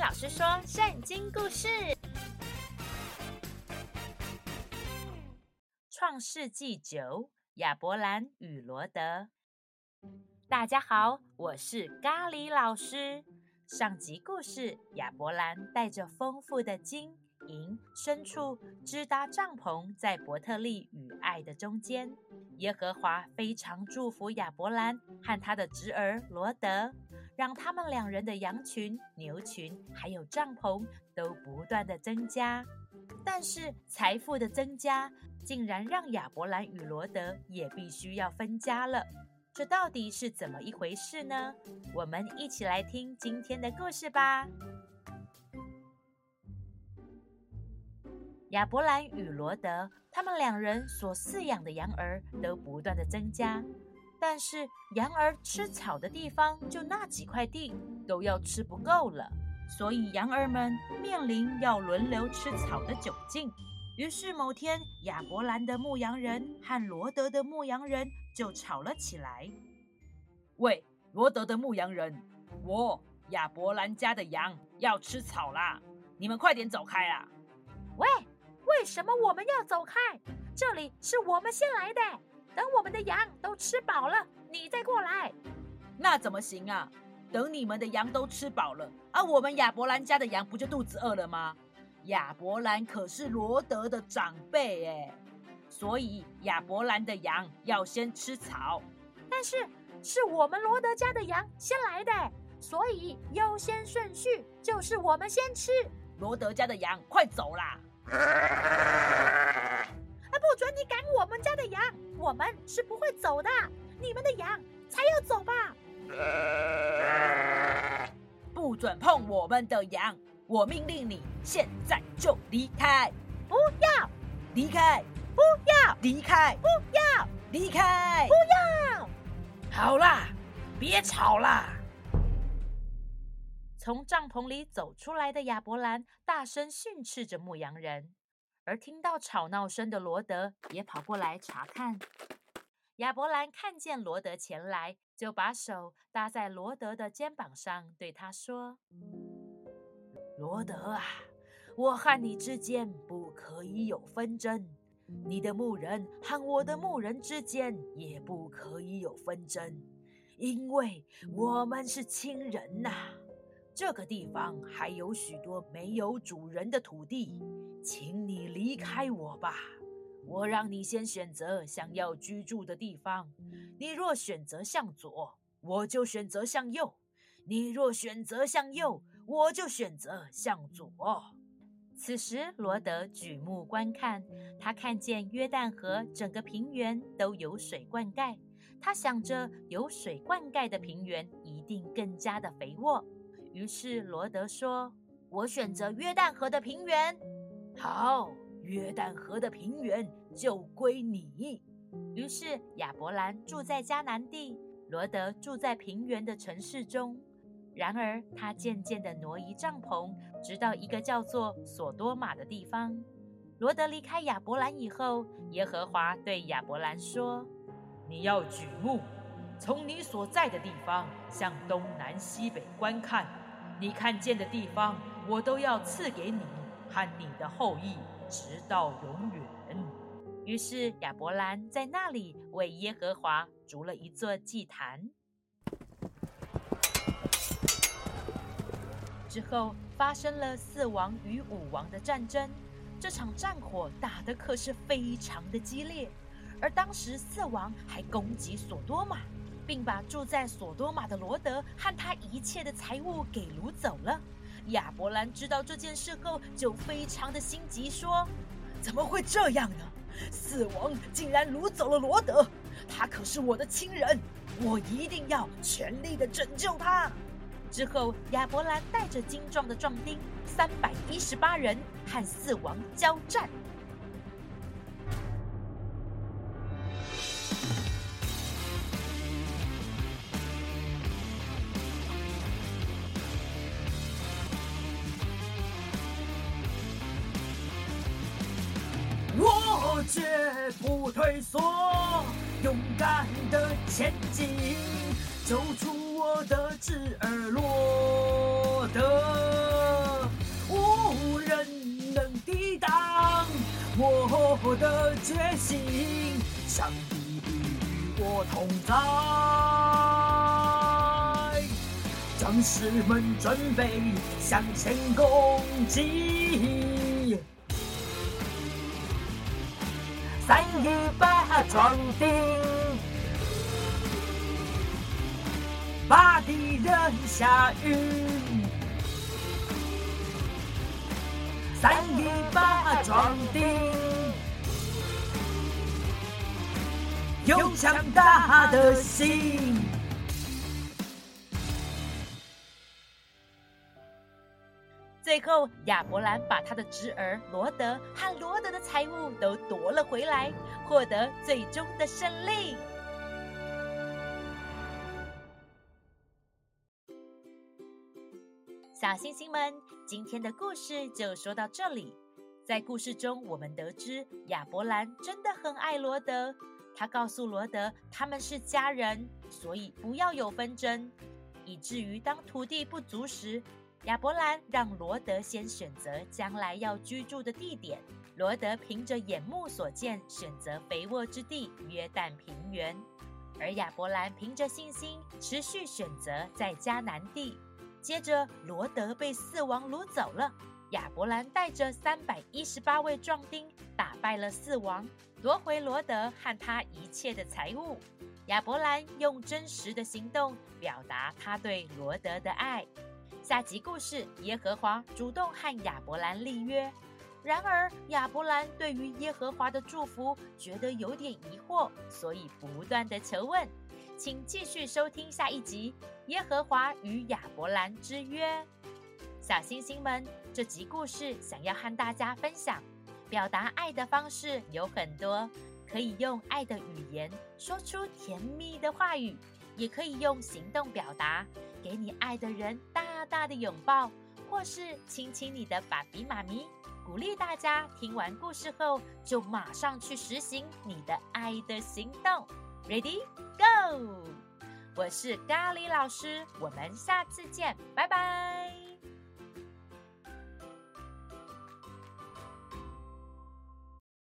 老師說：“聖經故事，《創世紀九》，亞伯蘭與羅得。”大家好，我是咖哩老師。上集故事，亞伯蘭帶着豐富的金銀牲畜，支搭帳篷在伯特利與愛的中間。耶和華非常祝福亞伯蘭和他的侄兒羅得。讓他們兩人的羊群、牛群還有帳篷都不斷的增加，但是財富的增加竟然讓亞伯蘭與羅得也必須要分家了，這到底是怎麼一回事呢？我們一起來聽今天的故事吧。亞伯蘭與羅得，他們兩人所飼養的羊兒都不斷的增加。但是羊兒吃草的地方就那幾塊地，都要吃不夠了，所以羊兒們面臨要輪流吃草的窘境。於是某天，亞伯蘭的牧羊人和羅得的牧羊人就吵了起來：“喂，羅得的牧羊人，我亞伯蘭家的羊要吃草啦，你們快點走開啊！”“喂，為什麼我們要走開？這裡是我們先來的。”等我們的羊都吃飽了，你再過來。那怎麼行啊？等你們的羊都吃飽了，而、啊、我們亞伯蘭家的羊不就肚子餓了嗎？亞伯蘭可是羅得的長輩哎，所以亞伯蘭的羊要先吃草。但是是我們羅得家的羊先來的，所以優先順序就是我們先吃。羅得家的羊快走啦！ 不准你趕我們家的羊，我們是不會走的。你們的羊才要走吧？不准碰我們的羊！我命令你，現在就離開！不要離開！不要離開！不要離開！不要離開！不要！好啦，別吵啦！從帳篷裡走出來的亞伯蘭大聲訓斥着牧羊人。而聽到吵鬧聲的羅得也跑過來查看。亞伯蘭看見羅得前來，就把手搭在羅得的肩膀上，對他說：“羅得啊，我和你之間不可以有紛爭，你的牧人和我的牧人之間也不可以有紛爭，因為我們是親人吶、啊。”這個地方還有許多沒有主人的土地，請你離開我吧。我讓你先選擇想要居住的地方。你若選擇向左，我就選擇向右；你若選擇向右，我就選擇向左。此時，羅得舉目觀看，他看見約旦河整個平原都有水灌溉。他想着，有水灌溉的平原一定更加的肥沃。於是羅得說：“我選擇約旦河的平原。”好，約旦河的平原就歸你。於是亞伯蘭住在迦南地，羅得住在平原的城市中。然而他漸漸地挪移帳篷，直到一個叫做索多瑪的地方。羅得離開亞伯蘭以後，耶和華對亞伯蘭說：“你要舉目，從你所在的地方向東南西北觀看。”你看見的地方，我都要賜給你和你的後裔，直到永遠。於是亞伯蘭在那裡為耶和華築了一座祭壇。之後發生了四王與五王的戰爭，這場戰火打得可是非常的激烈，而當時四王還攻擊索多瑪。並把住在索多瑪的羅德和他一切的財物給擄走了。亞伯蘭知道這件事後，就非常的心急，說：“怎麼會這樣呢？四王竟然擄走了羅德，他可是我的親人，我一定要全力的拯救他。”之後，亞伯蘭帶着精壯的壯丁三百一十八人和四王交戰。絕不退縮，勇敢的前進，救出我的姪兒羅得，無人能抵擋我的決心。上帝與我同在，將士們準備向前攻擊。三一八壯丁，把敵人下雨。三一八壯丁，有強大的心。最後，亞伯蘭把他的侄兒羅得和羅得的財物都奪了回來，獲得最終的勝利。小星星們，今天的故事就說到這裡。在故事中，我們得知亞伯蘭真的很愛羅得，他告訴羅得他們是家人，所以不要有紛爭。以至於當土地不足時，亞伯蘭讓羅得先選擇將來要居住的地點。羅得憑着眼目所見，選擇肥沃之地約旦平原；而亞伯蘭憑着信心，持續選擇在迦南地。接着，羅得被四王擄走了。亞伯蘭帶着三百一十八位壯丁，打敗了四王，奪回羅得和他一切的財物。亞伯蘭用真實的行動表達他對羅得的愛。下集故事：耶和華主動和亞伯蘭立約。然而，亞伯蘭對於耶和華的祝福覺得有點疑惑，所以不斷地求問。請繼續收聽下一集《耶和華與亞伯蘭之約》。小星星們，這集故事想要和大家分享，表達愛的方式有很多，可以用愛的語言說出甜蜜的話語。也可以用行動表達，給你愛的人大大的擁抱，或是親親你的爸比媽咪。鼓勵大家聽完故事後，就馬上去實行你的愛的行動。Ready? Go! 我是咖喱老師，我們下次見，拜拜。